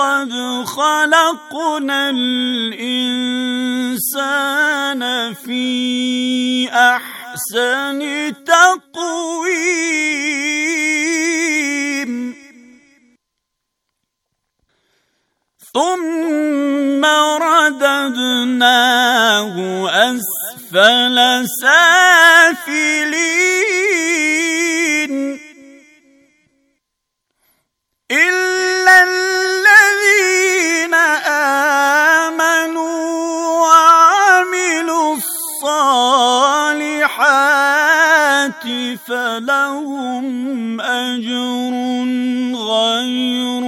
لقد خلقنا الانسان في احسن تقويم ثم رددناه اسفل سافلين لهم أجر غير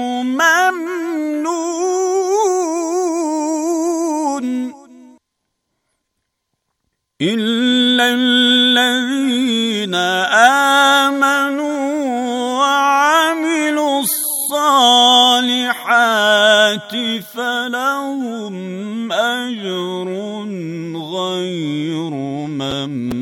ممنون إلا الذين آمنوا وعملوا الصالحات فلهم أجر غير ممنون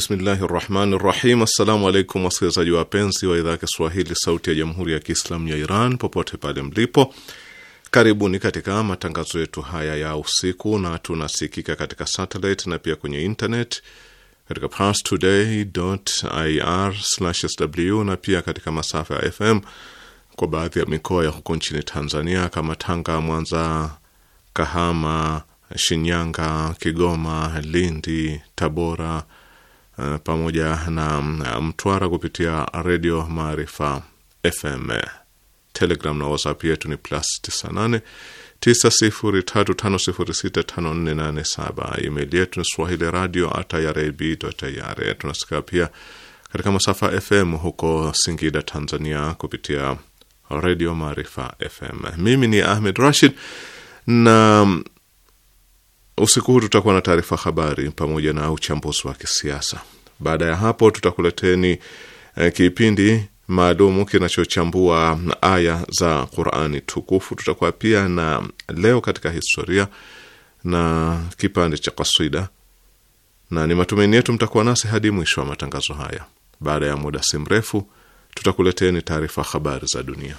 Bismillahi rahmani rahim. Assalamu alaikum wasikilizaji wapenzi wa idhaa ya Kiswahili sauti ya jamhuri ya Kiislamu ya Iran popote pale mlipo, karibuni katika matangazo yetu haya ya usiku, na tunasikika katika satellite na pia kwenye internet katika parstoday.ir/sw na pia katika masafa ya FM kwa baadhi ya mikoa ya huko nchini Tanzania kama Tanga, Mwanza, Kahama, Shinyanga, Kigoma, Lindi, Tabora Eh, pamoja na mm, Mtwara kupitia redio Maarifa FM. Telegram na WhatsApp yetu ni plus 98 9035065487. Email yetu ni swahili radio @irib.ir. Tunasikia pia katika masafa FM huko Singida, Tanzania, kupitia redio Maarifa FM. Mimi ni Ahmed Rashid na mm, Usiku huu tutakuwa na taarifa habari pamoja na uchambuzi wa kisiasa. Baada ya hapo, tutakuleteni eh, kipindi maalumu kinachochambua aya za Qurani tukufu. Tutakuwa pia na leo katika historia na kipande cha kaswida, na ni matumaini yetu mtakuwa nasi hadi mwisho wa matangazo haya. Baada ya muda si mrefu, tutakuleteni taarifa habari za dunia.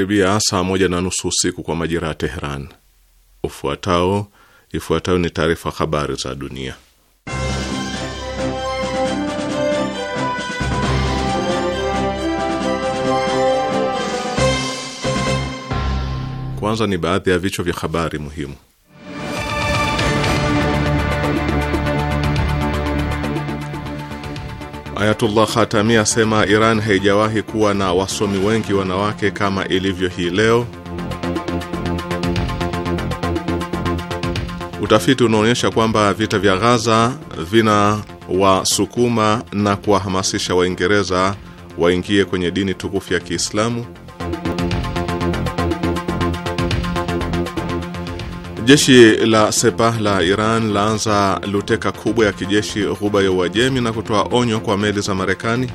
imekaribia saa moja na nusu usiku kwa majira ya Teheran. Ufuatao ifuatayo ni taarifa habari za dunia. Kwanza ni baadhi ya vichwa vya habari muhimu. Ayatullah Khatami asema Iran haijawahi kuwa na wasomi wengi wanawake kama ilivyo hii leo. Utafiti unaonyesha kwamba vita vya Gaza vinawasukuma na kuwahamasisha Waingereza waingie kwenye dini tukufu ya Kiislamu. Jeshi la Sepah la Iran laanza luteka kubwa ya kijeshi Ghuba ya Uajemi na kutoa onyo kwa meli za Marekani.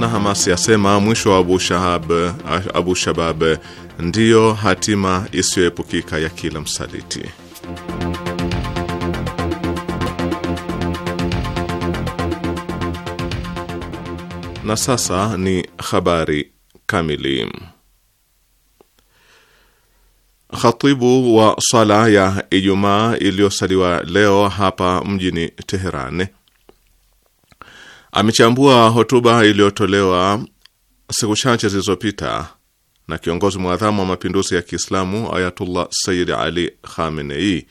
Na Hamas yasema mwisho wa Abu Shahab, Abu Shabab ndiyo hatima isiyoepukika ya kila msaliti. Na sasa ni habari kamili. Khatibu wa sala ya Ijumaa iliyosaliwa leo hapa mjini Teheran amechambua hotuba iliyotolewa siku chache zilizopita na kiongozi mwadhamu wa mapinduzi ya Kiislamu Ayatullah Sayyid Ali Khamenei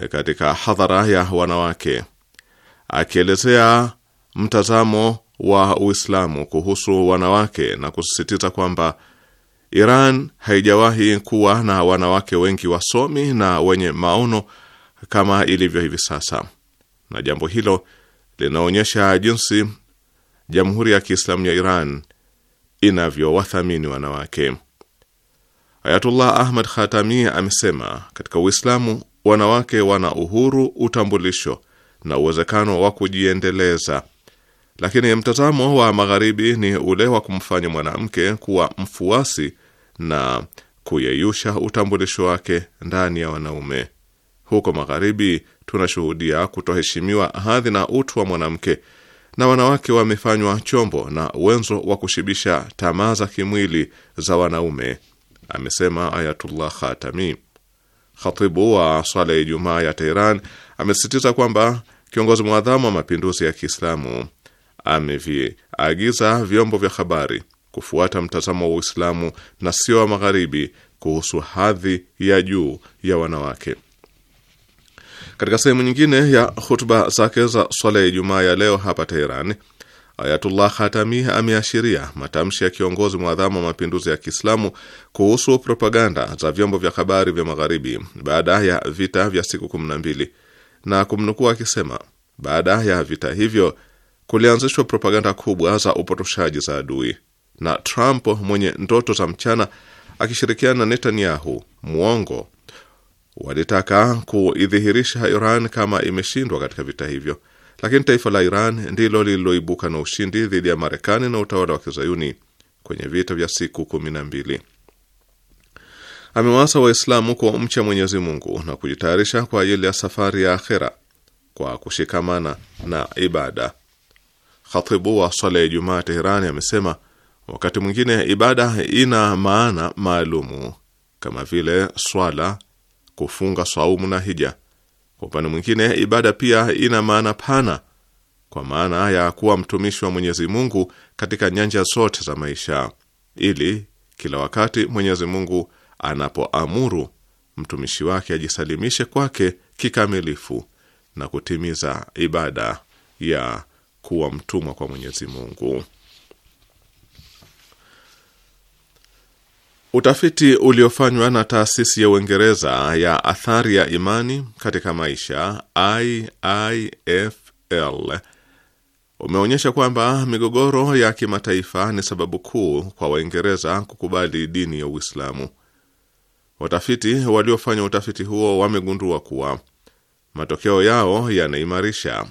eh, katika hadhara ya wanawake, akielezea mtazamo wa Uislamu kuhusu wanawake na kusisitiza kwamba Iran haijawahi kuwa na wanawake wengi wasomi na wenye maono kama ilivyo hivi sasa, na jambo hilo linaonyesha jinsi Jamhuri ya Kiislamu ya Iran inavyowathamini wanawake. Ayatullah Ahmad Khatami amesema katika Uislamu wanawake wana uhuru, utambulisho na uwezekano wa kujiendeleza, lakini mtazamo wa Magharibi ni ule wa kumfanya mwanamke kuwa mfuasi na kuyeyusha utambulisho wake ndani ya wanaume. Huko Magharibi tunashuhudia kutoheshimiwa hadhi na utu wa mwanamke, na wanawake wamefanywa chombo na wenzo wa kushibisha tamaa za kimwili za wanaume, amesema Ayatullah Khatami. Khatibu wa swala ya Ijumaa ya Teheran amesisitiza kwamba kiongozi mwadhamu wa mapinduzi ya Kiislamu ameviagiza vyombo vya habari kufuata mtazamo wa Uislamu na sio wa Magharibi kuhusu hadhi ya juu ya wanawake. Katika sehemu nyingine ya hutuba zake za swala ya Ijumaa ya leo hapa Teheran, Ayatullah Khatami ameashiria matamshi ya kiongozi mwadhamu wa mapinduzi ya Kiislamu kuhusu propaganda za vyombo vya habari vya Magharibi baada ya vita vya siku 12 na kumnukuu akisema, baada ya vita hivyo kulianzishwa propaganda kubwa za upotoshaji za adui na Trump mwenye ndoto za mchana akishirikiana na Netanyahu mwongo walitaka kuidhihirisha Iran kama imeshindwa katika vita hivyo, lakini taifa la Iran ndilo lililoibuka na ushindi dhidi ya Marekani na utawala wa kizayuni kwenye vita vya siku kumi na mbili. Amewaasa Waislamu kumcha Mwenyezi Mungu na kujitayarisha kwa ajili ya safari ya akhera kwa kushikamana na ibada. Khatibu wa swala ya Ijumaa Teherani amesema Wakati mwingine ibada ina maana maalumu kama vile swala, kufunga, saumu na hija. Kwa upande mwingine ibada pia ina maana pana, kwa maana ya kuwa mtumishi wa Mwenyezi Mungu katika nyanja zote za maisha, ili kila wakati Mwenyezi Mungu anapoamuru mtumishi wake ajisalimishe kwake kikamilifu na kutimiza ibada ya kuwa mtumwa kwa Mwenyezi Mungu. Utafiti uliofanywa na taasisi ya Uingereza ya athari ya imani katika maisha IIFL umeonyesha kwamba migogoro ya kimataifa ni sababu kuu kwa Waingereza kukubali dini ya Uislamu. Watafiti waliofanya utafiti huo wamegundua kuwa matokeo yao yanaimarisha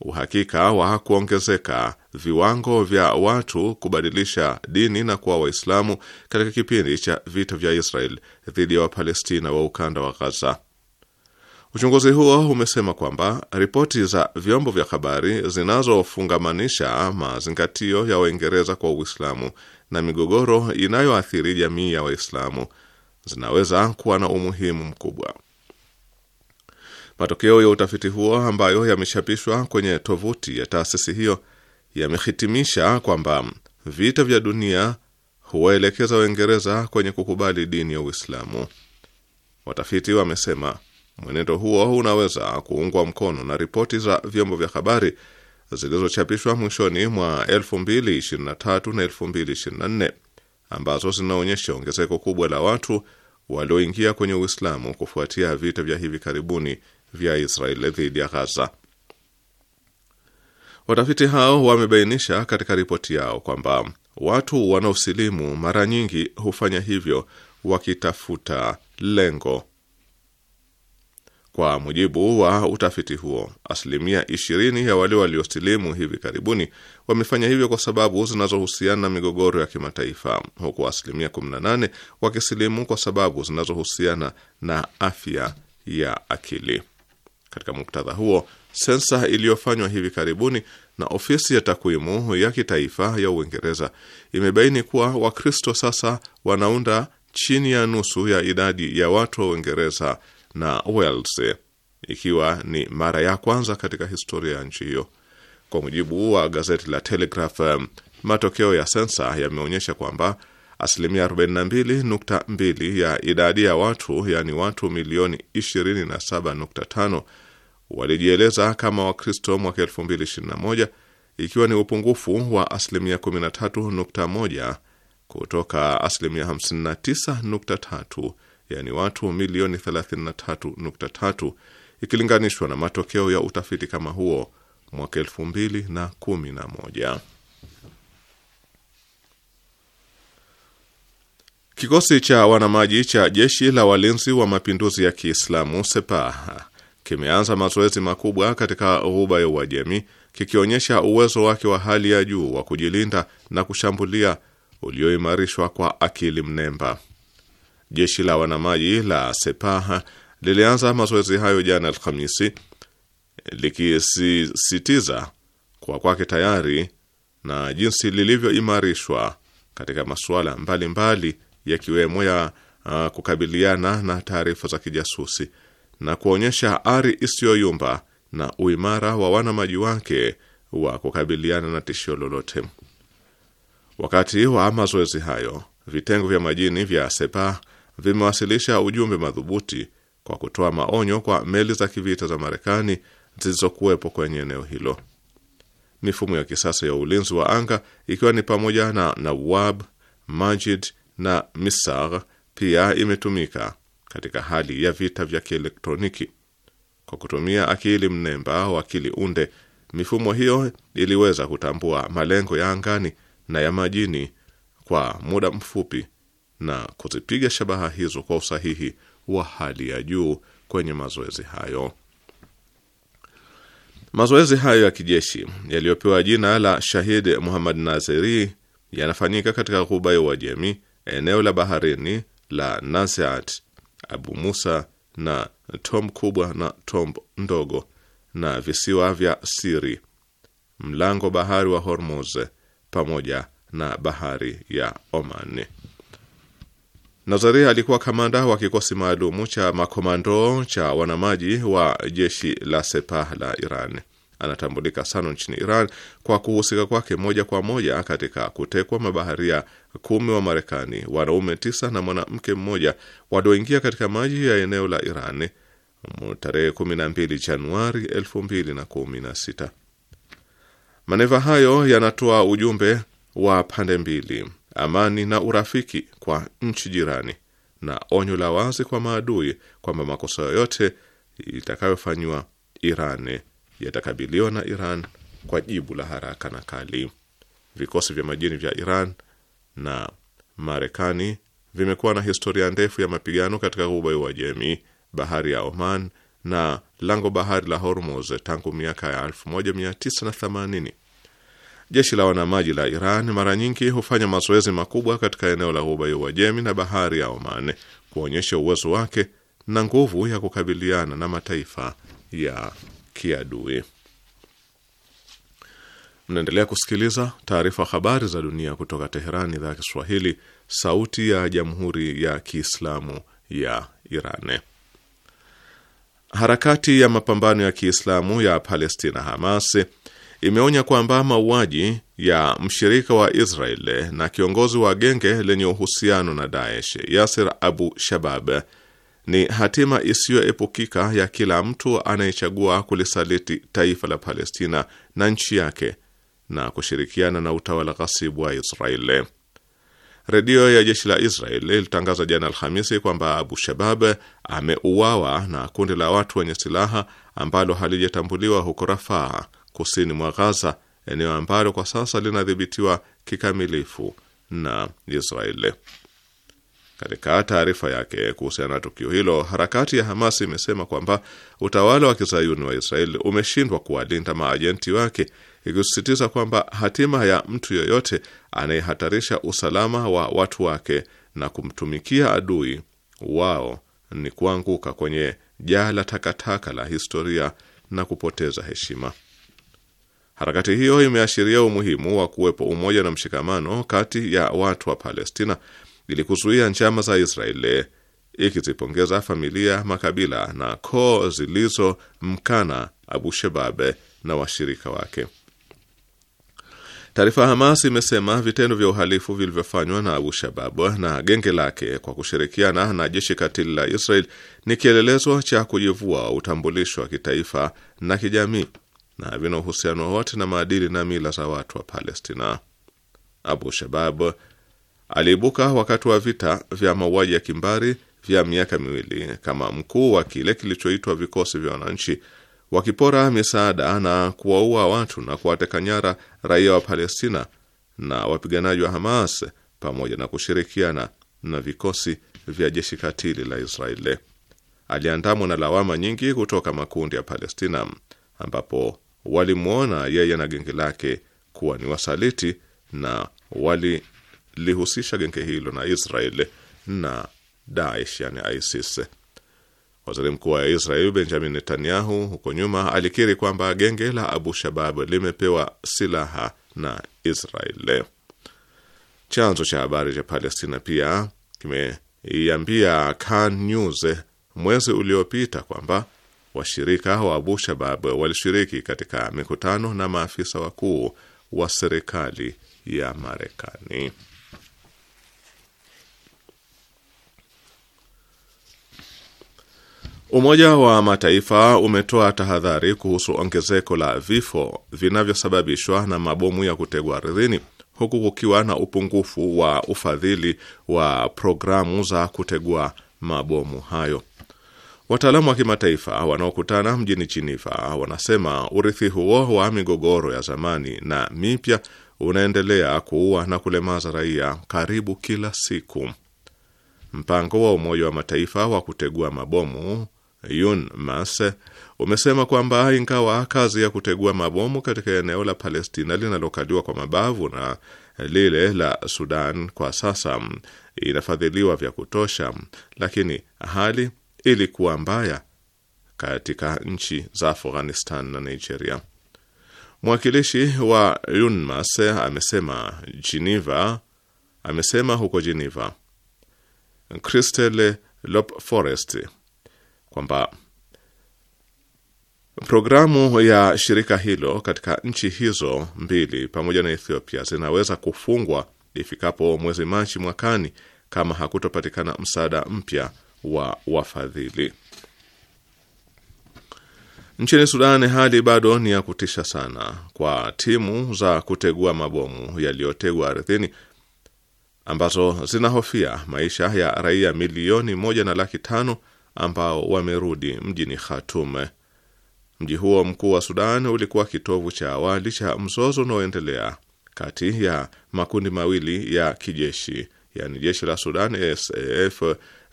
uhakika wa kuongezeka viwango vya watu kubadilisha dini na kuwa Waislamu katika kipindi cha vita vya Israel dhidi ya Wapalestina wa ukanda wa Gaza. Uchunguzi huo umesema kwamba ripoti za vyombo vya habari zinazofungamanisha mazingatio ya Waingereza kwa Uislamu na migogoro inayoathiri jamii ya Waislamu zinaweza kuwa na umuhimu mkubwa. Matokeo ya utafiti huo ambayo yamechapishwa kwenye tovuti ya taasisi hiyo yamehitimisha kwamba vita vya dunia huwaelekeza Waingereza kwenye kukubali dini ya Uislamu. Watafiti wamesema mwenendo huo unaweza kuungwa mkono na ripoti za vyombo vya habari zilizochapishwa mwishoni mwa 2023 na 2024 ambazo zinaonyesha ongezeko kubwa la watu walioingia kwenye Uislamu kufuatia vita vya hivi karibuni vya Israeli dhidi ya Ghaza. Watafiti hao wamebainisha katika ripoti yao kwamba watu wanaosilimu mara nyingi hufanya hivyo wakitafuta lengo. Kwa mujibu wa utafiti huo, asilimia ishirini ya wale waliosilimu hivi karibuni wamefanya hivyo kwa sababu zinazohusiana na migogoro ya kimataifa, huku asilimia 18 wakisilimu kwa sababu zinazohusiana na afya ya akili. Katika muktadha huo, sensa iliyofanywa hivi karibuni na ofisi ya takwimu ya kitaifa ya Uingereza imebaini kuwa Wakristo sasa wanaunda chini ya nusu ya idadi ya watu wa Uingereza na Wales, ikiwa ni mara ya kwanza katika historia ya nchi hiyo. Kwa mujibu wa gazeti la Telegraph, matokeo ya sensa yameonyesha kwamba asilimia 42.2 ya idadi ya watu, yaani watu milioni 27.5 walijieleza kama Wakristo mwaka 2021 ikiwa ni upungufu wa asilimia 13.1 kutoka asilimia 59.3 yani watu milioni 33.3 ikilinganishwa na matokeo ya utafiti kama huo mwaka 2011. Kikosi cha wanamaji cha jeshi la walinzi wa mapinduzi ya Kiislamu Sepaha kimeanza mazoezi makubwa katika ghuba ya Uajemi kikionyesha uwezo wake wa hali ya juu wa kujilinda na kushambulia ulioimarishwa kwa akili mnemba. Jeshi la wanamaji la Sepaha lilianza mazoezi hayo jana Alhamisi, likisisitiza kwa kwake tayari na jinsi lilivyoimarishwa katika masuala mbalimbali yakiwemo ya uh, kukabiliana na taarifa za kijasusi na kuonyesha ari isiyoyumba na uimara wa wanamaji wake wa kukabiliana na tishio lolote. Wakati wa mazoezi hayo, vitengo vya majini vya Sepa vimewasilisha ujumbe madhubuti kwa kutoa maonyo kwa meli za kivita za Marekani zilizokuwepo kwenye eneo hilo. Mifumo ya kisasa ya ulinzi wa anga ikiwa ni pamoja na Nawab, Majid na Misar pia imetumika katika hali ya vita vya kielektroniki. Kwa kutumia akili mnemba au akili unde, mifumo hiyo iliweza kutambua malengo ya angani na ya majini kwa muda mfupi na kuzipiga shabaha hizo kwa usahihi wa hali ya juu kwenye mazoezi hayo. Mazoezi hayo ya kijeshi yaliyopewa jina la Shahid Muhammad Naziri yanafanyika katika ghuba ya Uajemi, eneo la baharini la Nasiat Abu Musa na Tom kubwa na Tom ndogo na visiwa vya Siri, mlango bahari wa Hormuz pamoja na bahari ya Oman. nazaria alikuwa kamanda wa kikosi maalumu cha makomando cha wanamaji wa jeshi la Sepah la Iran. Anatambulika sana nchini Iran kwa kuhusika kwake moja kwa moja katika kutekwa mabaharia kumi wa Marekani, wanaume tisa na mwanamke mmoja walioingia katika maji ya eneo la Iran tarehe 12 Januari 2016. Maneva hayo yanatoa ujumbe wa pande mbili, amani na urafiki kwa nchi jirani, na onyo la wazi kwa maadui kwamba makosa yoyote itakayofanyiwa Iran yatakabiliwa na Iran kwa jibu la haraka na kali. Vikosi vya majini vya Iran na Marekani vimekuwa na historia ndefu ya mapigano katika Ghuba ya Uajemi, bahari ya Oman na lango bahari la Hormuz tangu miaka ya 1980. Jeshi la wanamaji la Iran mara nyingi hufanya mazoezi makubwa katika eneo la Ghuba ya Uajemi na bahari ya Oman kuonyesha uwezo wake na nguvu ya kukabiliana na mataifa ya kiadui. Mnaendelea kusikiliza taarifa habari za dunia kutoka teheran idhaa ya Kiswahili, sauti ya jamhuri ya kiislamu ya Iran. Harakati ya mapambano ya kiislamu ya Palestina, Hamas, imeonya kwamba mauaji ya mshirika wa Israel na kiongozi wa genge lenye uhusiano na Daesh Yasir Abu Shabab ni hatima isiyoepukika ya kila mtu anayechagua kulisaliti taifa la Palestina na nchi yake na kushirikiana na utawala ghasibu wa Israeli. Redio ya jeshi la Israel ilitangaza jana Alhamisi kwamba Abu Shabab ameuawa na kundi la watu wenye silaha ambalo halijatambuliwa huko Rafaa, kusini mwa Ghaza, eneo ambalo kwa sasa linadhibitiwa kikamilifu na Israeli. Katika taarifa yake kuhusiana na tukio hilo, harakati ya Hamas imesema kwamba utawala wa kizayuni wa Israeli umeshindwa kuwalinda maajenti wake, ikisisitiza kwamba hatima ya mtu yoyote anayehatarisha usalama wa watu wake na kumtumikia adui wao ni kuanguka kwenye jaa la takataka la historia na kupoteza heshima. Harakati hiyo imeashiria umuhimu wa kuwepo umoja na mshikamano kati ya watu wa Palestina ili kuzuia njama za Israeli, ikizipongeza familia, makabila na koo mkana Abu Shebabe na washirika wake. Taarifa ya Hamas imesema vitendo vya uhalifu vilivyofanywa na Abu Shabab na genge lake kwa kushirikiana na jeshi katili la Israel ni kielelezo cha kujivua utambulisho wa kitaifa na kijamii na vina uhusiano wowote na maadili na mila za watu wa Palestina. Abu Shabab aliibuka wakati wa vita vya mauaji ya kimbari vya miaka miwili kama mkuu wa kile kilichoitwa vikosi vya wananchi, wakipora misaada na kuwaua watu na kuwateka nyara raia wa Palestina na wapiganaji wa Hamas pamoja na kushirikiana na vikosi vya jeshi katili la Israeli. Aliandamwa na lawama nyingi kutoka makundi ya Palestina, ambapo walimwona yeye na genge lake kuwa ni wasaliti na wali lilihusisha genge hilo na Israel na Daesh, yani ISIS. Waziri mkuu wa Israel Benjamin Netanyahu huko nyuma alikiri kwamba genge la Abu Shabab limepewa silaha na Israel. Chanzo cha habari cha Palestina pia kimeiambia Khan News mwezi uliopita kwamba washirika wa Abu Shabab walishiriki katika mikutano na maafisa wakuu wa serikali ya Marekani. Umoja wa Mataifa umetoa tahadhari kuhusu ongezeko la vifo vinavyosababishwa na mabomu ya kutegwa ardhini huku kukiwa na upungufu wa ufadhili wa programu za kutegua mabomu hayo. Wataalamu wa kimataifa wanaokutana mjini Jiniva wanasema urithi huo wa migogoro ya zamani na mipya unaendelea kuua na kulemaza raia karibu kila siku. Mpango wa Umoja wa Mataifa wa kutegua mabomu Yunmas umesema kwamba ingawa kazi ya kutegua mabomu katika eneo la Palestina linalokaliwa kwa mabavu na lile la Sudan kwa sasa inafadhiliwa vya kutosha, lakini hali ilikuwa mbaya katika nchi za Afghanistan na Nigeria. Mwakilishi wa UNMAS amesema Geneva, amesema huko Geneva Christelle Lop Forest kwamba programu ya shirika hilo katika nchi hizo mbili pamoja na Ethiopia zinaweza kufungwa ifikapo mwezi Machi mwakani kama hakutopatikana msaada mpya wa wafadhili. Nchini Sudan hali bado ni ya kutisha sana kwa timu za kutegua mabomu yaliyotegwa ardhini ambazo zinahofia maisha ya raia milioni moja na laki tano ambao wamerudi mjini Khartoum. Mji huo mkuu wa Sudan ulikuwa kitovu cha awali cha mzozo unaoendelea kati ya makundi mawili ya kijeshi, yani jeshi la Sudan SAF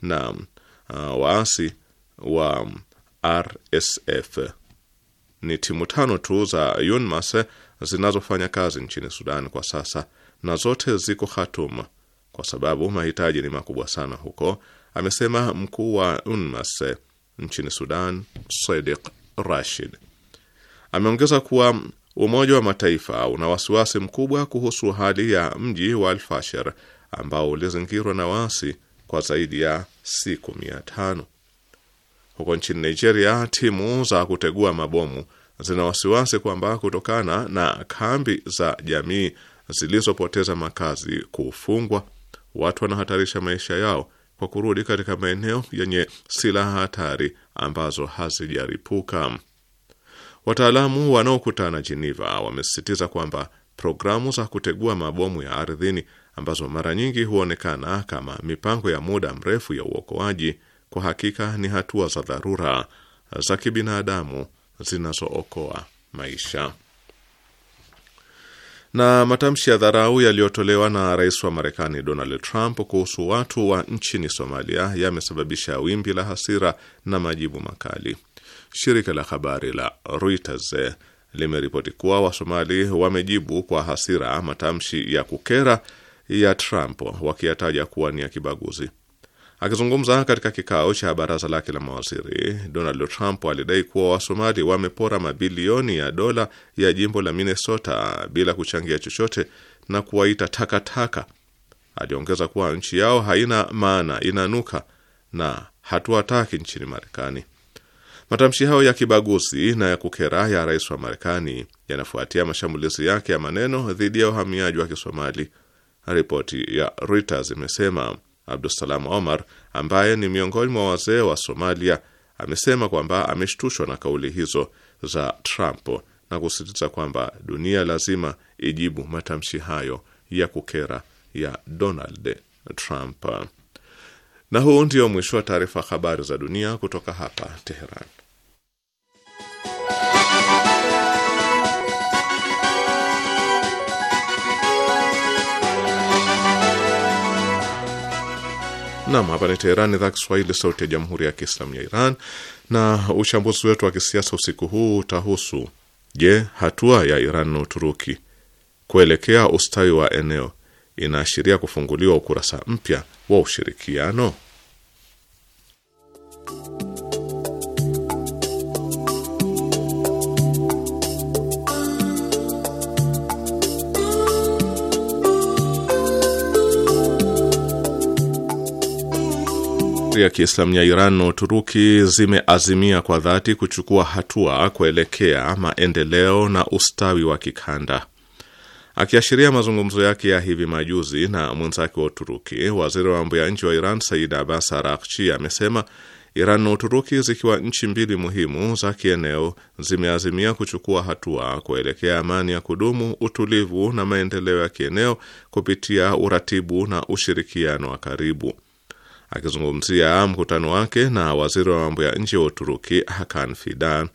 na uh, waasi wa RSF. Ni timu tano tu za UNMAS zinazofanya kazi nchini Sudan kwa sasa na zote ziko Khartoum kwa sababu mahitaji ni makubwa sana huko amesema mkuu wa UNMAS eh, nchini Sudan, Sadiq Rashid. Ameongeza kuwa Umoja wa Mataifa una wasiwasi mkubwa kuhusu hali ya mji wa Alfashir ambao ulizingirwa na waasi kwa zaidi ya siku mia tano. Huko nchini Nigeria, timu za kutegua mabomu zina wasiwasi kwamba kutokana na kambi za jamii zilizopoteza makazi kufungwa, watu wanahatarisha maisha yao kwa kurudi katika maeneo yenye silaha hatari ambazo hazijaripuka. Wataalamu wanaokutana Geneva wamesisitiza kwamba programu za kutegua mabomu ya ardhini ambazo mara nyingi huonekana kama mipango ya muda mrefu ya uokoaji, kwa hakika ni hatua za dharura za kibinadamu zinazookoa maisha na matamshi ya dharau yaliyotolewa na rais wa Marekani Donald Trump kuhusu watu wa nchini Somalia yamesababisha wimbi la hasira na majibu makali. Shirika la habari la Reuters eh, limeripoti kuwa Wasomali wamejibu kwa hasira matamshi ya kukera ya Trump wakiyataja kuwa ni ya kibaguzi. Akizungumza katika kikao cha baraza lake la mawaziri, Donald Trump alidai kuwa Wasomali wamepora mabilioni ya dola ya jimbo la Minnesota bila kuchangia chochote na kuwaita takataka. Aliongeza kuwa nchi yao haina maana, inanuka na hatuwataki nchini Marekani. Matamshi hayo ya kibaguzi na ya kukera ya rais wa Marekani yanafuatia mashambulizi yake ya maneno dhidi ya uhamiaji wa Kisomali. Ripoti ya Reuters imesema Abdusalam Omar ambaye ni miongoni mwa wazee wa Somalia amesema kwamba ameshtushwa na kauli hizo za Trump na kusisitiza kwamba dunia lazima ijibu matamshi hayo ya kukera ya Donald Trump. Na huu ndio mwisho wa taarifa habari za dunia kutoka hapa Teheran. Nam, hapa ni Teherani, idhaa Kiswahili, sauti ya jamhuri ya kiislamu ya Iran. Na uchambuzi wetu wa kisiasa usiku huu utahusu: Je, hatua ya Iran na Uturuki kuelekea ustawi wa eneo inaashiria kufunguliwa ukurasa mpya wa ushirikiano? Jamhuri ya Kiislamu ya Iran na Uturuki zimeazimia kwa dhati kuchukua hatua kuelekea maendeleo na ustawi wa kikanda. Akiashiria mazungumzo yake ya hivi majuzi na mwenzake wa Uturuki, waziri wa mambo ya nje wa Iran Said Abbas Araghchi amesema Iran na Uturuki zikiwa nchi mbili muhimu za kieneo zimeazimia kuchukua hatua kuelekea amani ya kudumu, utulivu na maendeleo ya kieneo kupitia uratibu na ushirikiano wa karibu. Akizungumzia mkutano wake na waziri wa mambo ya nje wa Uturuki Hakan Fidan,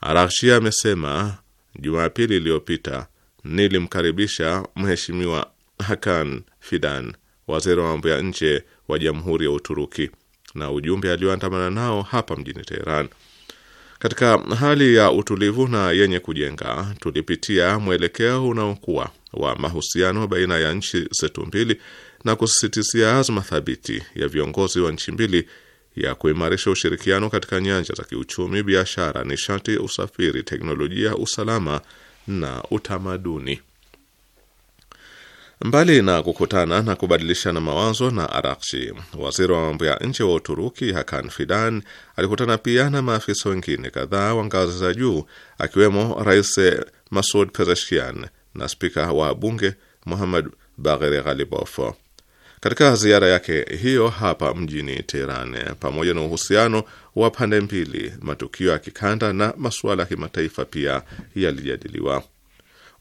Araghchi amesema Jumapili iliyopita, nilimkaribisha Mheshimiwa Hakan Fidan, waziri wa mambo ya nje wa Jamhuri ya Uturuki na ujumbe alioandamana nao hapa mjini Teheran. Katika hali ya utulivu na yenye kujenga, tulipitia mwelekeo unaokuwa wa mahusiano baina ya nchi zetu mbili na kusisitizia azma thabiti ya viongozi wa nchi mbili ya kuimarisha ushirikiano katika nyanja za kiuchumi, biashara, nishati, usafiri, teknolojia, usalama na utamaduni. Mbali na kukutana na kubadilishana mawazo na Arakshi, waziri wa mambo ya nje wa Uturuki Hakan Fidan alikutana pia na maafisa wengine kadhaa wa ngazi za juu, akiwemo Rais Masud Pezeshkian na spika wa bunge Muhammad Bagheri Ghalibaf. Katika ziara yake hiyo hapa mjini Teheran, pamoja na uhusiano wa pande mbili, matukio ya kikanda na masuala ya kimataifa pia yalijadiliwa.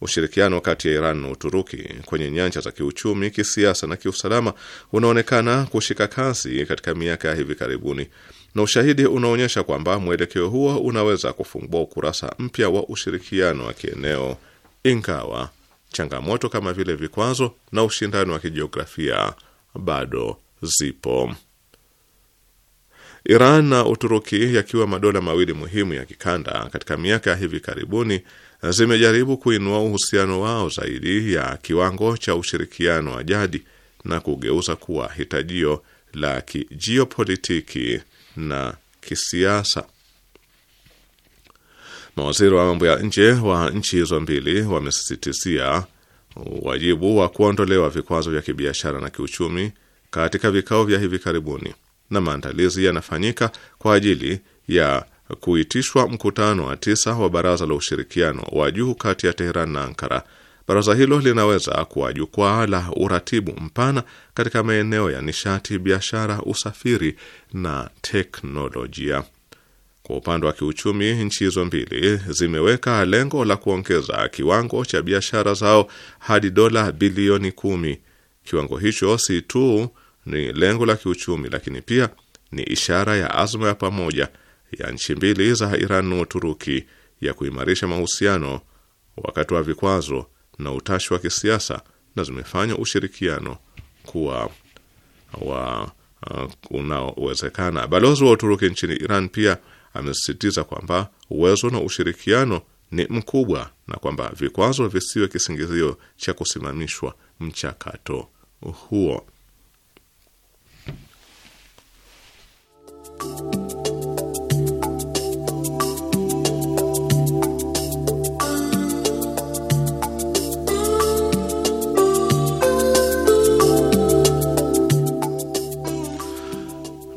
Ushirikiano kati ya Iran na Uturuki kwenye nyanja za kiuchumi, kisiasa na kiusalama unaonekana kushika kasi katika miaka ya hivi karibuni, na ushahidi unaonyesha kwamba mwelekeo huo unaweza kufungua ukurasa mpya wa ushirikiano wa kieneo, ingawa changamoto kama vile vikwazo na ushindani wa kijiografia bado zipo. Iran na Uturuki yakiwa madola mawili muhimu ya kikanda katika miaka ya hivi karibuni zimejaribu kuinua uhusiano wao zaidi ya kiwango cha ushirikiano wa jadi na kugeuza kuwa hitajio la kijiopolitiki na kisiasa. Mawaziri wa mambo ya nje wa nchi hizo mbili wamesisitizia wajibu wa kuondolewa vikwazo vya kibiashara na kiuchumi katika vikao vya hivi karibuni, na maandalizi yanafanyika kwa ajili ya kuitishwa mkutano wa tisa wa Baraza la Ushirikiano wa Juu kati ya Teheran na Ankara. Baraza hilo linaweza kuwa jukwaa la uratibu mpana katika maeneo ya nishati, biashara, usafiri na teknolojia. Kwa upande wa kiuchumi, nchi hizo mbili zimeweka lengo la kuongeza kiwango cha biashara zao hadi dola bilioni kumi. Kiwango hicho si tu ni lengo la kiuchumi, lakini pia ni ishara ya azma ya pamoja ya nchi mbili za Iran na Uturuki ya kuimarisha mahusiano wakati wa vikwazo na utashi wa kisiasa, na zimefanya ushirikiano kuwa wa uh, unaowezekana. Balozi wa Uturuki nchini Iran pia amesisitiza kwamba uwezo na ushirikiano ni mkubwa na kwamba vikwazo visiwe kisingizio cha kusimamishwa mchakato huo.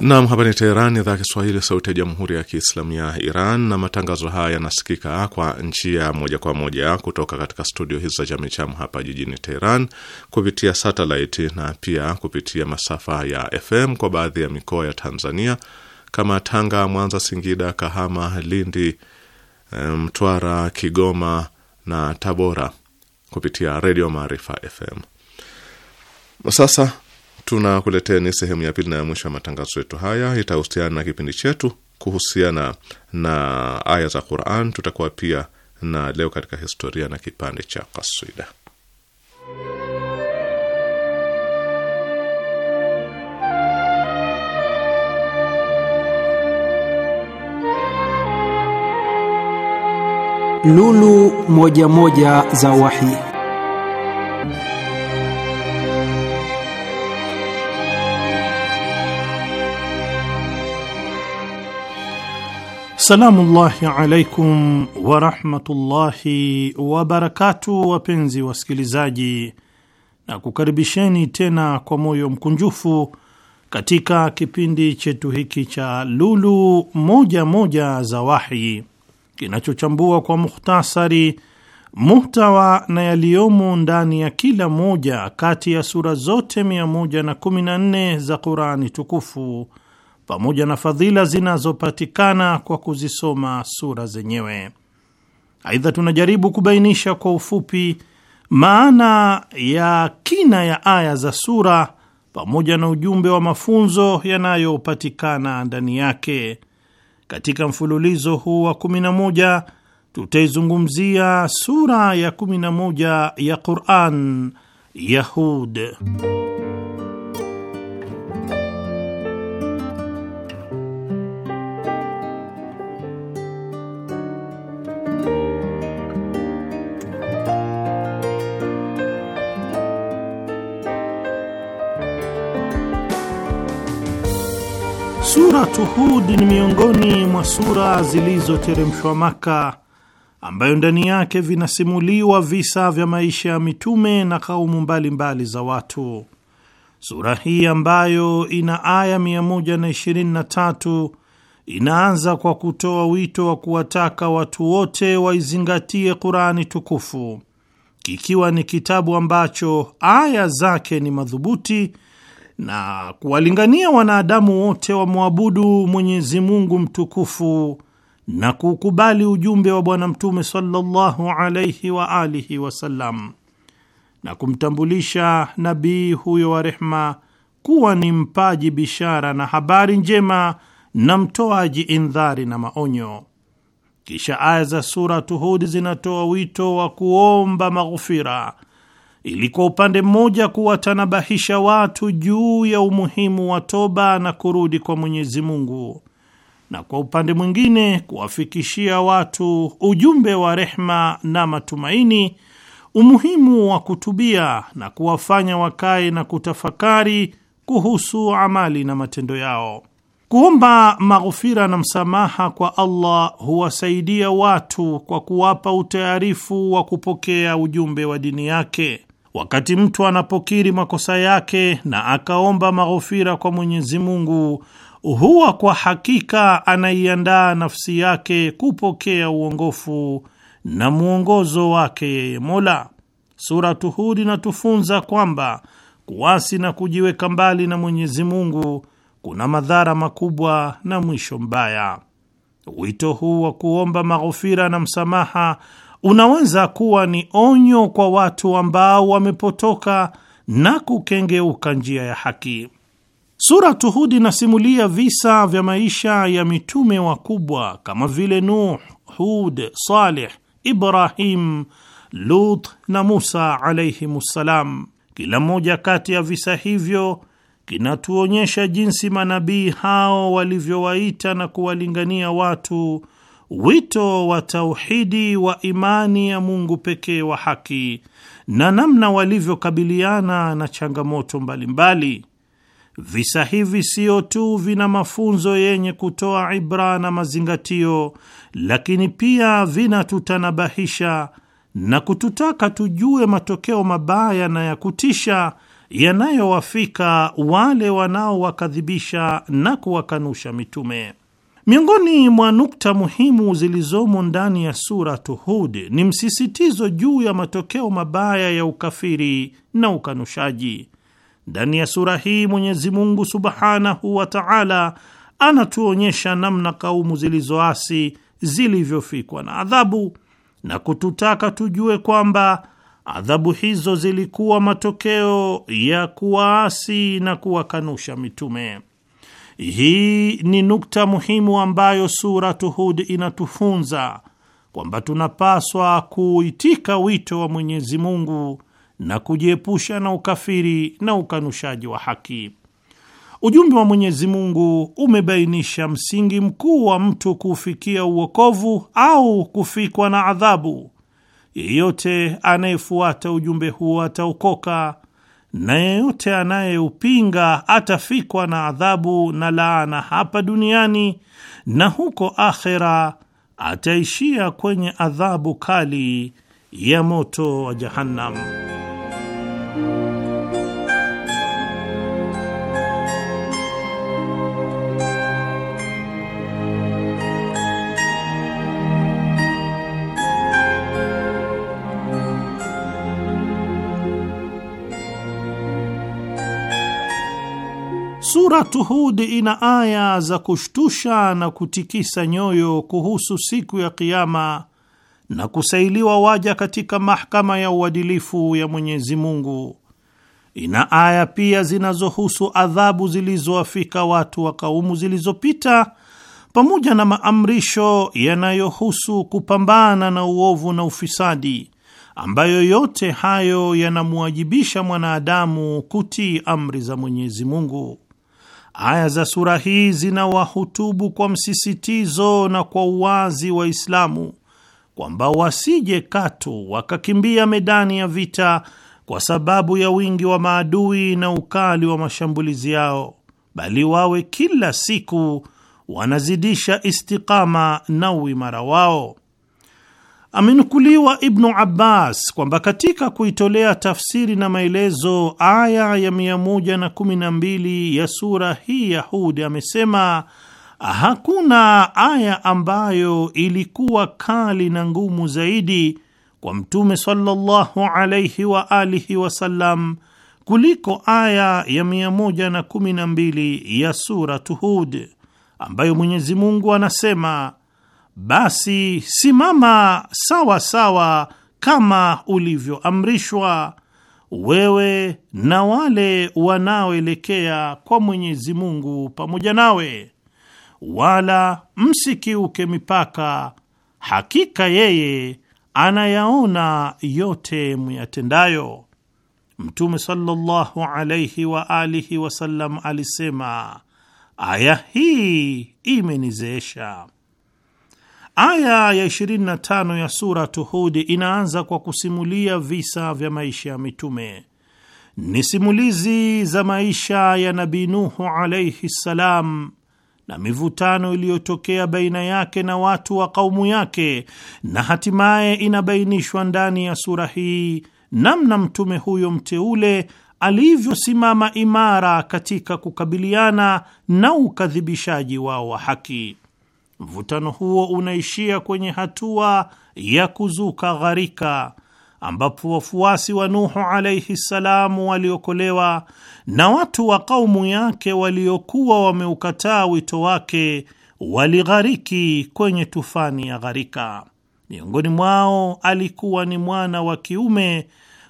Nam, hapa ni Teherani, idhaa ya Kiswahili, sauti ya jamhuri ya kiislamu ya Iran. Na matangazo haya yanasikika kwa njia moja kwa moja kutoka katika studio hizi za Jamicham hapa jijini Teheran, kupitia satelaiti na pia kupitia masafa ya FM kwa baadhi ya mikoa ya Tanzania kama Tanga, Mwanza, Singida, Kahama, Lindi, Mtwara, Kigoma na Tabora, kupitia Redio Maarifa FM. Sasa tunakuleteni sehemu ya pili na ya mwisho ya matangazo yetu haya. Itahusiana na kipindi chetu kuhusiana na aya za Quran. Tutakuwa pia na leo katika historia na kipande cha kaswida. Lulu moja moja za Wahi. Salamullahi alaikum warahmatullahi wabarakatu, wapenzi wasikilizaji, na kukaribisheni tena kwa moyo mkunjufu katika kipindi chetu hiki cha Lulu Moja Moja za wahi kinachochambua kwa mukhtasari muhtawa na yaliyomo ndani ya kila moja kati ya sura zote 114 za Qurani tukufu pamoja na fadhila zinazopatikana kwa kuzisoma sura zenyewe. Aidha, tunajaribu kubainisha kwa ufupi maana ya kina ya aya za sura pamoja na ujumbe wa mafunzo yanayopatikana ndani yake. Katika mfululizo huu wa 11 tutaizungumzia sura ya 11 ya Quran, Yahud. Suratu Hud ni miongoni mwa sura zilizoteremshwa Maka, ambayo ndani yake vinasimuliwa visa vya maisha ya mitume na kaumu mbalimbali za watu. Sura hii ambayo ina aya 123 inaanza kwa kutoa wito wa kuwataka watu wote waizingatie Kurani tukufu, kikiwa ni kitabu ambacho aya zake ni madhubuti na kuwalingania wanadamu wote wamwabudu Mwenyezi Mungu mtukufu na kuukubali ujumbe wa Bwana Mtume sallallahu alaihi wa alihi wasallam na kumtambulisha nabii huyo wa rehma kuwa ni mpaji bishara na habari njema na mtoaji indhari na maonyo. Kisha aya za Suratu Hud zinatoa wito wa kuomba maghufira ili kwa upande mmoja kuwatanabahisha watu juu ya umuhimu wa toba na kurudi kwa Mwenyezi Mungu, na kwa upande mwingine kuwafikishia watu ujumbe wa rehma na matumaini, umuhimu wa kutubia na kuwafanya wakae na kutafakari kuhusu amali na matendo yao. Kuomba maghfira na msamaha kwa Allah huwasaidia watu kwa kuwapa utayarifu wa kupokea ujumbe wa dini yake Wakati mtu anapokiri makosa yake na akaomba maghofira kwa Mwenyezi Mungu, huwa kwa hakika anaiandaa nafsi yake kupokea uongofu na mwongozo wake yeye Mola. Suratu Hud inatufunza kwamba kuasi na kujiweka mbali na Mwenyezi Mungu kuna madhara makubwa na mwisho mbaya. Wito huu wa kuomba maghofira na msamaha unaweza kuwa ni onyo kwa watu ambao wamepotoka na kukengeuka njia ya haki. Suratu hud inasimulia visa vya maisha ya mitume wakubwa kama vile Nuh, Hud, Saleh, Ibrahim, Lut na Musa ssalam. Kila mmoja kati ya visa hivyo kinatuonyesha jinsi manabii hao walivyowaita na kuwalingania watu wito wa tauhidi wa imani ya Mungu pekee wa haki na namna walivyokabiliana na changamoto mbalimbali. Visa hivi sio tu vina mafunzo yenye kutoa ibra na mazingatio, lakini pia vinatutanabahisha na kututaka tujue matokeo mabaya na ya kutisha yanayowafika wale wanaowakadhibisha na kuwakanusha mitume. Miongoni mwa nukta muhimu zilizomo ndani ya Surat Hud ni msisitizo juu ya matokeo mabaya ya ukafiri na ukanushaji. Ndani ya sura hii Mwenyezi Mungu subhanahu wa taala anatuonyesha namna kaumu zilizoasi zilivyofikwa na adhabu na kututaka tujue kwamba adhabu hizo zilikuwa matokeo ya kuwaasi na kuwakanusha mitume. Hii ni nukta muhimu ambayo Suratu Hud inatufunza kwamba tunapaswa kuitika wito wa Mwenyezi Mungu na kujiepusha na ukafiri na ukanushaji wa haki. Ujumbe wa Mwenyezi Mungu umebainisha msingi mkuu wa mtu kufikia uokovu au kufikwa na adhabu. Yeyote anayefuata ujumbe huo ataokoka na yeyote anayeupinga atafikwa na adhabu na laana hapa duniani na huko akhera ataishia kwenye adhabu kali ya moto wa Jahannam. Suratu Hud ina aya za kushtusha na kutikisa nyoyo kuhusu siku ya Kiama na kusailiwa waja katika mahakama ya uadilifu ya Mwenyezi Mungu. Ina aya pia zinazohusu adhabu zilizowafika watu wa kaumu zilizopita pamoja na maamrisho yanayohusu kupambana na uovu na ufisadi, ambayo yote hayo yanamwajibisha mwanadamu kutii amri za Mwenyezi Mungu. Aya za sura hii zinawahutubu kwa msisitizo na kwa uwazi Waislamu kwamba wasije katu wakakimbia medani ya vita kwa sababu ya wingi wa maadui na ukali wa mashambulizi yao, bali wawe kila siku wanazidisha istikama na uimara wao Amenukuliwa Ibnu Abbas kwamba katika kuitolea tafsiri na maelezo aya ya 112 ya sura hii ya Hud amesema hakuna aya ambayo ilikuwa kali na ngumu zaidi kwa Mtume sallallahu alaihi wa alihi wasallam kuliko aya ya 112 ya suratu Hud ambayo Mwenyezi Mungu anasema basi simama sawa sawa kama ulivyoamrishwa wewe na wale wanaoelekea kwa Mwenyezi Mungu pamoja nawe, wala msikiuke mipaka. Hakika yeye anayaona yote myatendayo. Mtume sallallahu wa alihi wasallam alisema, aya hii imenizeesha Aya ya 25 ya Suratu Hudi inaanza kwa kusimulia visa vya maisha ya mitume. Ni simulizi za maisha ya nabi Nuhu alaihi ssalam na mivutano iliyotokea baina yake na watu wa kaumu yake, na hatimaye inabainishwa ndani ya sura hii namna mtume huyo mteule alivyosimama imara katika kukabiliana na ukadhibishaji wao wa haki. Mvutano huo unaishia kwenye hatua ya kuzuka gharika ambapo wafuasi wa Nuhu alaihi salamu waliokolewa na watu wa kaumu yake waliokuwa wameukataa wito wake walighariki kwenye tufani ya gharika. Miongoni mwao alikuwa ni mwana wa kiume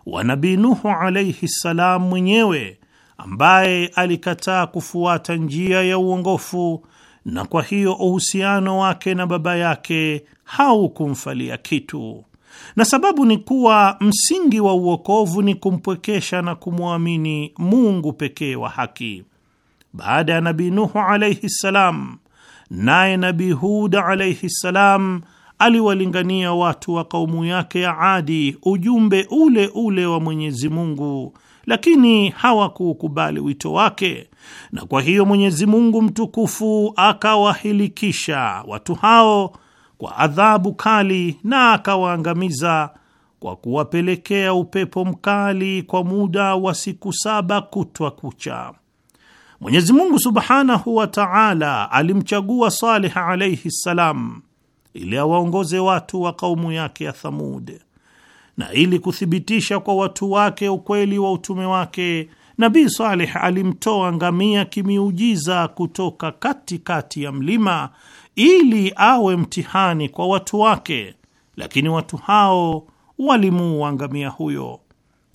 wa Nabii Nuhu alaihi salamu mwenyewe ambaye alikataa kufuata njia ya uongofu na kwa hiyo uhusiano wake na baba yake haukumfalia kitu, na sababu ni kuwa msingi wa uokovu ni kumpwekesha na kumwamini Mungu pekee wa haki. Baada ya Nabii Nuhu alaihi ssalam, naye Nabii huda alaihi ssalam aliwalingania watu wa kaumu yake ya Adi ujumbe ule ule wa Mwenyezi Mungu lakini hawakuukubali wito wake, na kwa hiyo Mwenyezi Mungu mtukufu akawahilikisha watu hao kwa adhabu kali na akawaangamiza kwa kuwapelekea upepo mkali kwa muda wa siku saba kutwa kucha. Mwenyezi Mungu subhanahu wa taala alimchagua Saleh alaihi ssalam ili awaongoze watu wa kaumu yake ya Thamud na ili kuthibitisha kwa watu wake ukweli wa utume wake, Nabii Saleh alimtoa ngamia kimiujiza kutoka katikati kati ya mlima ili awe mtihani kwa watu wake, lakini watu hao walimuua ngamia huyo,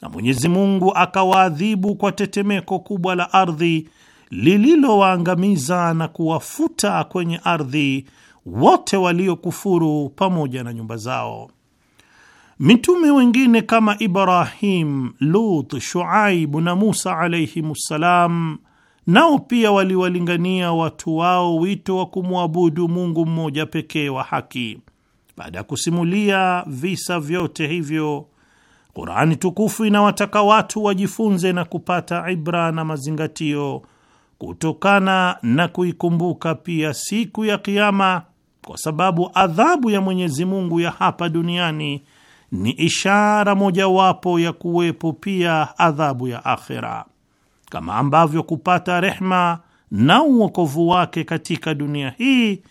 na Mwenyezi Mungu akawaadhibu kwa tetemeko kubwa la ardhi lililowaangamiza na kuwafuta kwenye ardhi wote waliokufuru pamoja na nyumba zao. Mitume wengine kama Ibrahim, Lut, Shuaibu na Musa ssalam nao pia waliwalingania watu wao wito wa kumwabudu Mungu mmoja pekee wa haki. Baada ya kusimulia visa vyote hivyo, Qurani tukufu inawataka watu wajifunze na kupata ibra na mazingatio kutokana na kuikumbuka pia siku ya Kiama, kwa sababu adhabu ya Mwenyezi Mungu ya hapa duniani ni ishara mojawapo ya kuwepo pia adhabu ya akhera, kama ambavyo kupata rehma na uokovu wake katika dunia hii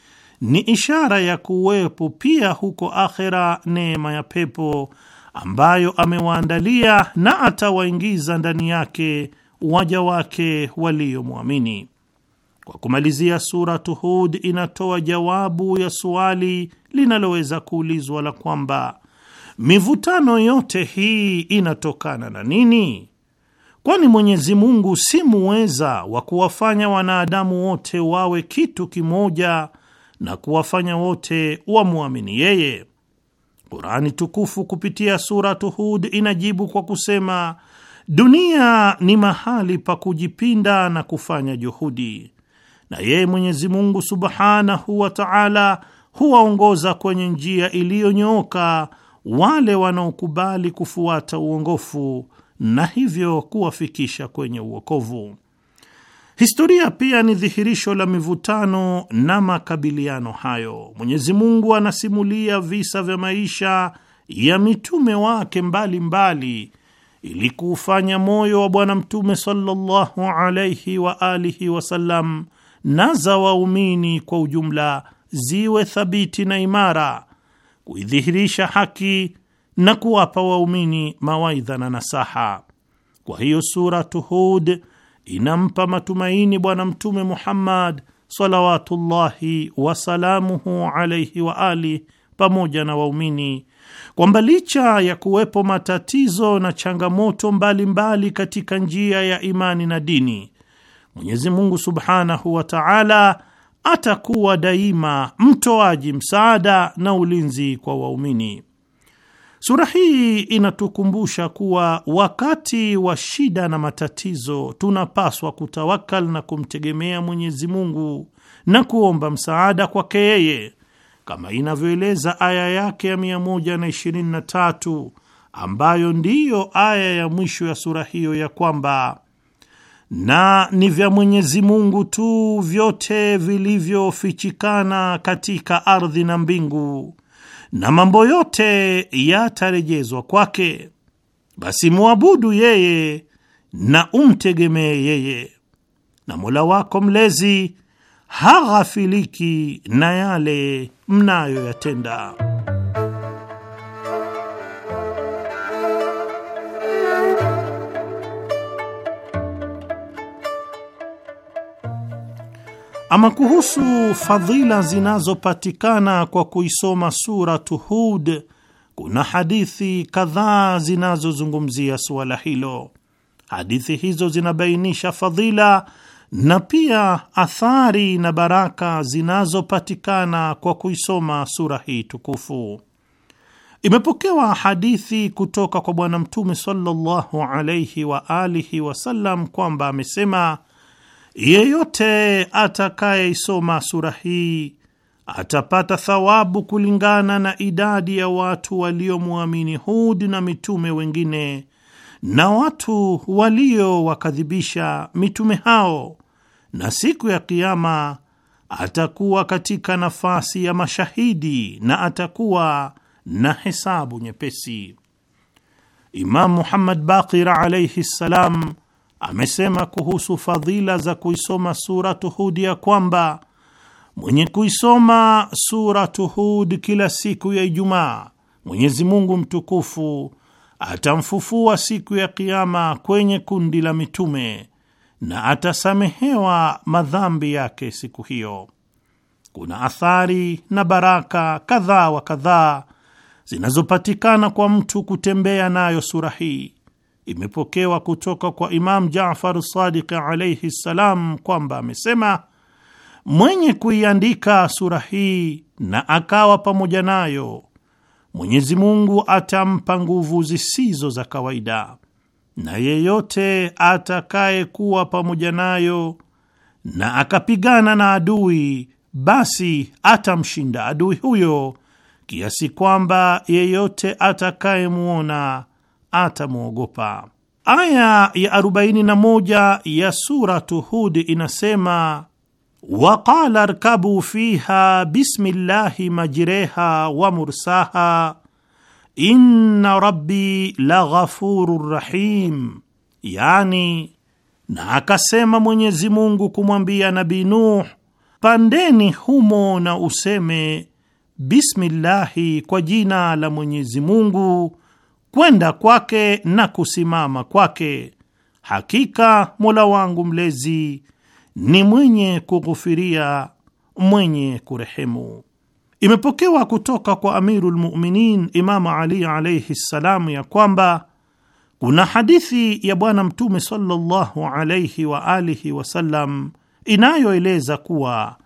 ni ishara ya kuwepo pia huko akhera neema ya pepo ambayo amewaandalia na atawaingiza ndani yake waja wake waliomwamini. Kwa kumalizia, Suratu Hud inatoa jawabu ya suali linaloweza kuulizwa la kwamba Mivutano yote hii inatokana na nini? Kwani Mwenyezi Mungu si muweza wa kuwafanya wanadamu wote wawe kitu kimoja na kuwafanya wote wamwamini yeye? Kurani tukufu kupitia Surat Hud inajibu kwa kusema, dunia ni mahali pa kujipinda na kufanya juhudi, na yeye Mwenyezi Mungu subhanahu wa taala huwaongoza kwenye njia iliyonyooka wale wanaokubali kufuata uongofu na hivyo kuwafikisha kwenye uokovu. Historia pia ni dhihirisho la mivutano na makabiliano hayo. Mwenyezi Mungu anasimulia visa vya maisha ya mitume wake mbalimbali ili kuufanya moyo wa Bwana Mtume sallallahu alaihi wa alihi wasallam na za waumini kwa ujumla ziwe thabiti na imara kuidhihirisha haki na kuwapa waumini mawaidha na nasaha. Kwa hiyo Suratu Hud inampa matumaini Bwana Mtume Muhammad salawatullahi wasalamuhu alaihi wa ali pamoja na waumini kwamba licha ya kuwepo matatizo na changamoto mbalimbali mbali katika njia ya imani na dini, Mwenyezi Mungu subhanahu wa taala atakuwa daima mtoaji msaada na ulinzi kwa waumini. Sura hii inatukumbusha kuwa wakati wa shida na matatizo tunapaswa kutawakal na kumtegemea Mwenyezi Mungu na kuomba msaada kwake yeye, kama inavyoeleza aya yake ya 123 ambayo ndiyo aya ya mwisho ya sura hiyo, ya kwamba na ni vya Mwenyezi Mungu tu vyote vilivyofichikana katika ardhi na mbingu, na mambo yote yatarejezwa kwake. Basi muabudu yeye na umtegemee yeye, na Mola wako mlezi haghafiliki na yale mnayoyatenda. Ama kuhusu fadhila zinazopatikana kwa kuisoma Suratu Hud, kuna hadithi kadhaa zinazozungumzia suala hilo. Hadithi hizo zinabainisha fadhila na pia athari na baraka zinazopatikana kwa kuisoma sura hii tukufu. Imepokewa hadithi kutoka kwa Bwana Mtume sallallahu alaihi wa alihi wasallam kwamba amesema Yeyote atakayeisoma sura hii atapata thawabu kulingana na idadi ya watu waliomwamini Hud na mitume wengine na watu waliowakadhibisha mitume hao, na siku ya Kiama atakuwa katika nafasi ya mashahidi na atakuwa na hesabu nyepesi. Imam Muhammad Baqir alaihi ssalam amesema kuhusu fadhila za kuisoma Suratu Hud ya kwamba mwenye kuisoma Suratu Hud kila siku ya Ijumaa, Mwenyezi Mungu mtukufu atamfufua siku ya Kiama kwenye kundi la mitume na atasamehewa madhambi yake siku hiyo. Kuna athari na baraka kadhaa wa kadhaa zinazopatikana kwa mtu kutembea nayo sura hii imepokewa kutoka kwa Imam Jafar Sadiq alaihi ssalam kwamba amesema, mwenye kuiandika sura hii na akawa pamoja nayo, Mwenyezi Mungu atampa nguvu zisizo za kawaida, na yeyote atakayekuwa pamoja nayo na akapigana na adui, basi atamshinda adui huyo, kiasi kwamba yeyote atakayemwona atamwogopa. Aya ya 41 ya Suratu hud inasema waqala rkabu fiha bismillahi majreha wa mursaha inna rabbi la ghafuru rahim, yani na akasema Mwenyezi Mungu kumwambia Nabii Nuh, pandeni humo na useme bismillahi, kwa jina la Mwenyezi Mungu kwenda kwake na kusimama kwake. Hakika Mola wangu mlezi ni mwenye kughufiria, mwenye kurehemu. Imepokewa kutoka kwa Amirul Mu'minin Imamu Ali alayhi ssalamu ya kwamba kuna hadithi ya Bwana Mtume sallallahu alayhi wa alihi wasallam inayoeleza kuwa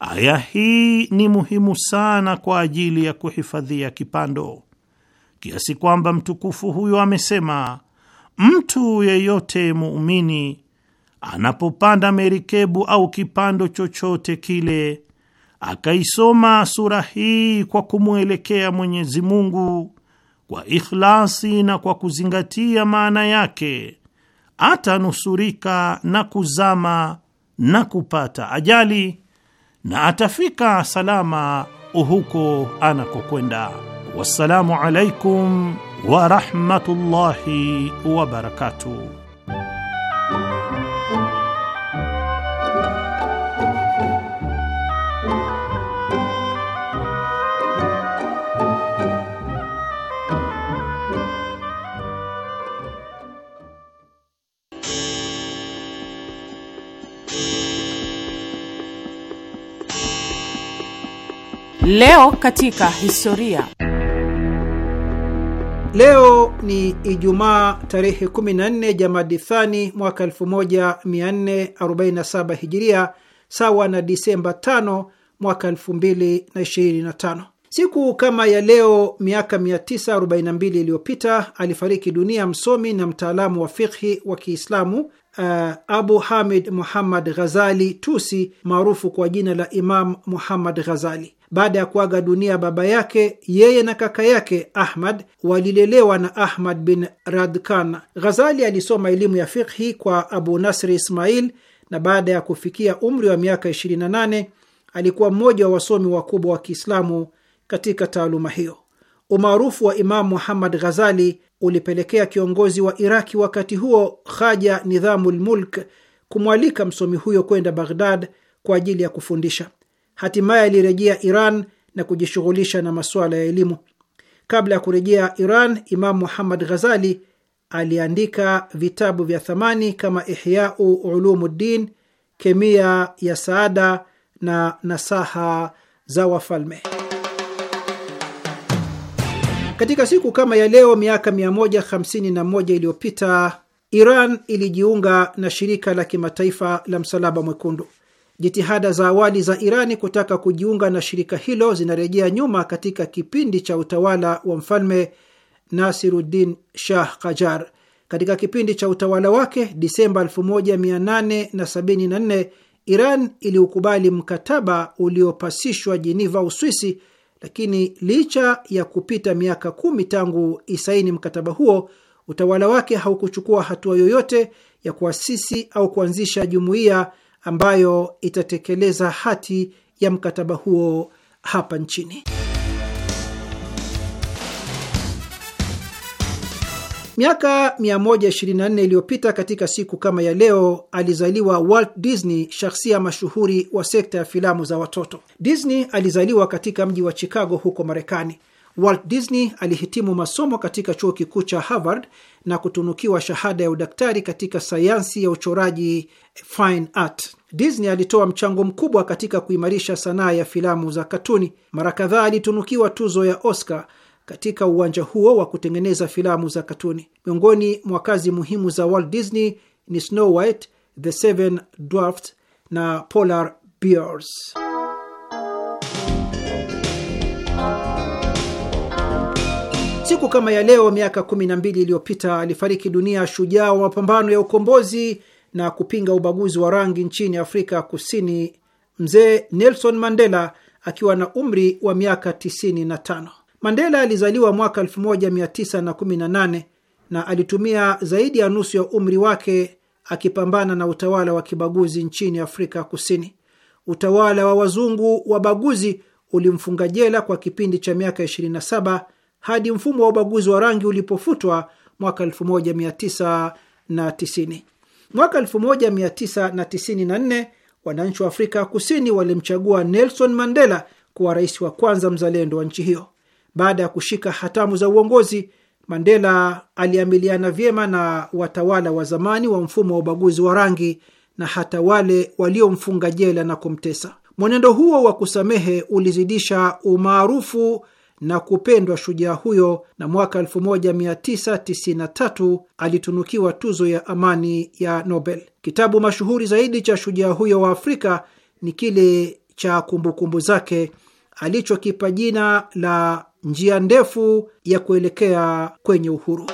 aya hii ni muhimu sana kwa ajili ya kuhifadhia kipando kiasi kwamba mtukufu huyo amesema, mtu yeyote muumini anapopanda merikebu au kipando chochote kile akaisoma sura hii kwa kumwelekea Mwenyezi Mungu kwa ikhlasi na kwa kuzingatia maana yake, atanusurika na kuzama na kupata ajali na atafika salama huko anakokwenda. والسلام عليكم ورحمه الله وبركاته Leo katika historia. Leo ni Ijumaa tarehe 14 Thani mwaka 1447 Hijiria, sawa na Disemba 5 mwaka 2025. Siku kama ya leo miaka 942 iliyopita alifariki dunia msomi na mtaalamu wa fikhi wa Kiislamu uh, Abu Hamid Muhammad Ghazali Tusi maarufu kwa jina la Imam Muhammad Ghazali. Baada ya kuaga dunia baba yake, yeye na kaka yake Ahmad walilelewa na Ahmad bin Radkan. Ghazali alisoma elimu ya fikhi kwa Abu Nasri Ismail, na baada ya kufikia umri wa miaka 28 alikuwa mmoja wa wasomi wakubwa wa Kiislamu katika taaluma hiyo. Umaarufu wa Imamu Muhammad Ghazali ulipelekea kiongozi wa Iraki wakati huo Haja Nidhamul Mulk kumwalika msomi huyo kwenda Baghdad kwa ajili ya kufundisha. Hatimaye alirejea Iran na kujishughulisha na masuala ya elimu. Kabla ya kurejea Iran, Imamu Muhammad Ghazali aliandika vitabu vya thamani kama Ihyau Ulumuddin, Kemia ya Saada na Nasaha za Wafalme. Katika siku kama ya leo miaka 151 iliyopita Iran ilijiunga na shirika la kimataifa la Msalaba Mwekundu. Jitihada za awali za Irani kutaka kujiunga na shirika hilo zinarejea nyuma katika kipindi cha utawala wa mfalme Nasiruddin Shah Kajar. Katika kipindi cha utawala wake Disemba 1874, Iran iliukubali mkataba uliopasishwa jeniva Uswisi, lakini licha ya kupita miaka kumi tangu isaini mkataba huo, utawala wake haukuchukua hatua yoyote ya kuasisi au kuanzisha jumuiya ambayo itatekeleza hati ya mkataba huo hapa nchini. Miaka 124 iliyopita katika siku kama ya leo alizaliwa Walt Disney, shahsia mashuhuri wa sekta ya filamu za watoto. Disney alizaliwa katika mji wa Chicago huko Marekani. Walt Disney alihitimu masomo katika chuo kikuu cha Harvard na kutunukiwa shahada ya udaktari katika sayansi ya uchoraji fine art. Disney alitoa mchango mkubwa katika kuimarisha sanaa ya filamu za katuni. Mara kadhaa alitunukiwa tuzo ya Oscar katika uwanja huo wa kutengeneza filamu za katuni. Miongoni mwa kazi muhimu za Walt Disney ni Snow White, The Seven Dwarfs na Polar Bears. Siku kama ya leo miaka kumi na mbili iliyopita alifariki dunia shujaa wa mapambano ya ukombozi na kupinga ubaguzi wa rangi nchini Afrika Kusini, mzee Nelson Mandela akiwa na umri wa miaka 95. Mandela alizaliwa mwaka 1918 na alitumia zaidi ya nusu ya umri wake akipambana na utawala wa kibaguzi nchini Afrika Kusini. Utawala wa wazungu wa baguzi ulimfunga jela kwa kipindi cha miaka 27 hadi mfumo wa ubaguzi wa rangi ulipofutwa mwaka 1990. Mwaka 1994 wananchi wa Afrika Kusini walimchagua Nelson Mandela kuwa rais wa kwanza mzalendo wa nchi hiyo. Baada ya kushika hatamu za uongozi, Mandela aliamiliana vyema na watawala wa zamani wa mfumo wa ubaguzi wa rangi na hata wale waliomfunga jela na kumtesa. Mwenendo huo wa kusamehe ulizidisha umaarufu na kupendwa shujaa huyo, na mwaka 1993 alitunukiwa tuzo ya amani ya Nobel. Kitabu mashuhuri zaidi cha shujaa huyo wa Afrika ni kile cha kumbukumbu zake alichokipa jina la njia ndefu ya kuelekea kwenye uhuru.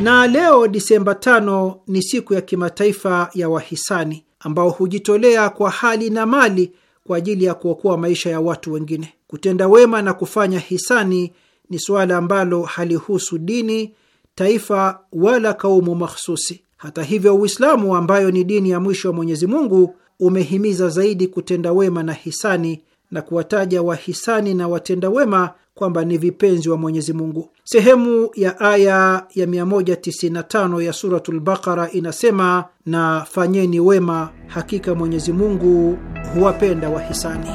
Na leo Disemba tano ni siku ya kimataifa ya wahisani ambao hujitolea kwa hali na mali kwa ajili ya kuokoa maisha ya watu wengine. Kutenda wema na kufanya hisani ni suala ambalo halihusu dini, taifa wala kaumu mahsusi. Hata hivyo, Uislamu ambayo ni dini ya mwisho wa Mwenyezi Mungu umehimiza zaidi kutenda wema na hisani na kuwataja wahisani na watenda wema kwamba ni vipenzi wa Mwenyezi Mungu. Sehemu ya aya ya 195 ya Suratul Bakara inasema, na fanyeni wema, hakika Mwenyezi Mungu huwapenda wahisani.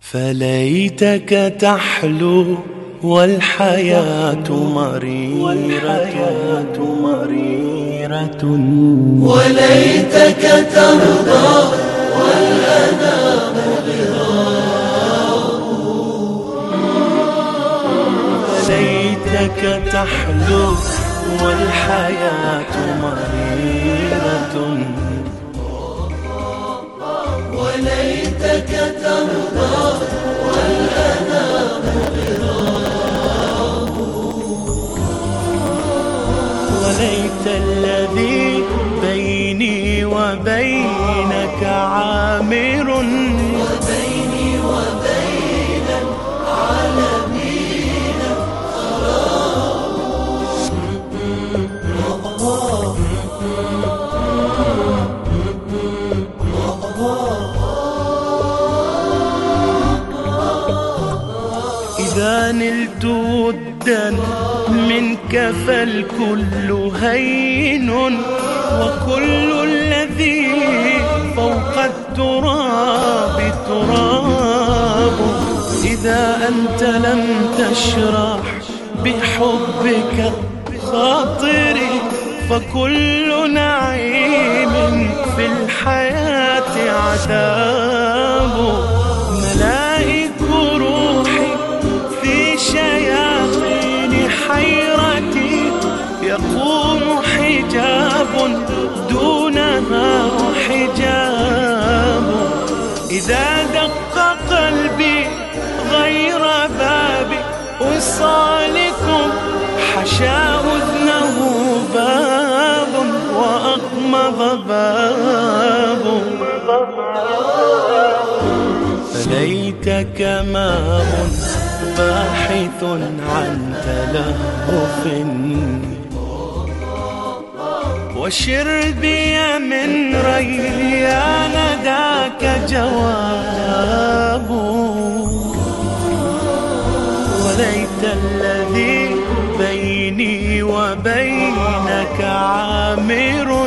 falaitaka tahlu والحياة مريرة مريرة وليتك ترضى والأنام ليتك تحلو والحياة مريرة وليتك ترضى ودا منك فالكل هين وكل الذي فوق التراب تراب إذا أنت لم تشرح بحبك خاطري فكل نعيم في الحياة عذاب النهار حجاب إذا دق قلبي غير بابي وصالكم حشا أذنه باب وأغمض باب فليتك ماء باحث عن تلهف وشر بي من ريل يا نداك جواب وليت الذي بيني وبينك عامر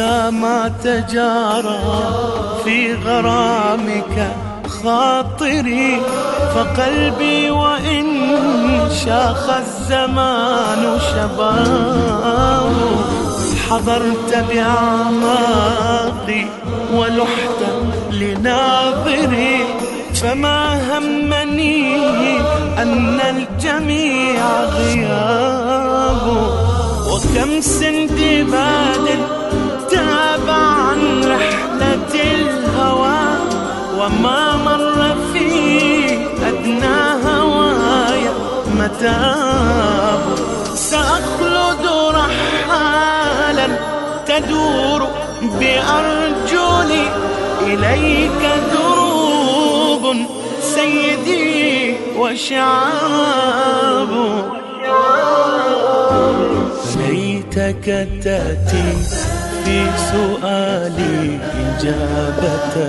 ما تجارى في غرامك خاطري فقلبي وإن شاخ الزمان شباب حضرت بأعماقي ولحت لناظري فما همني أن الجميع غياب وكم سندباد وما مر في أدنى هوايا متاب سأخلد رحالا تدور بأرجلي إليك دروب سيدي وشعاب ليتك تأتي في سؤالي إجابة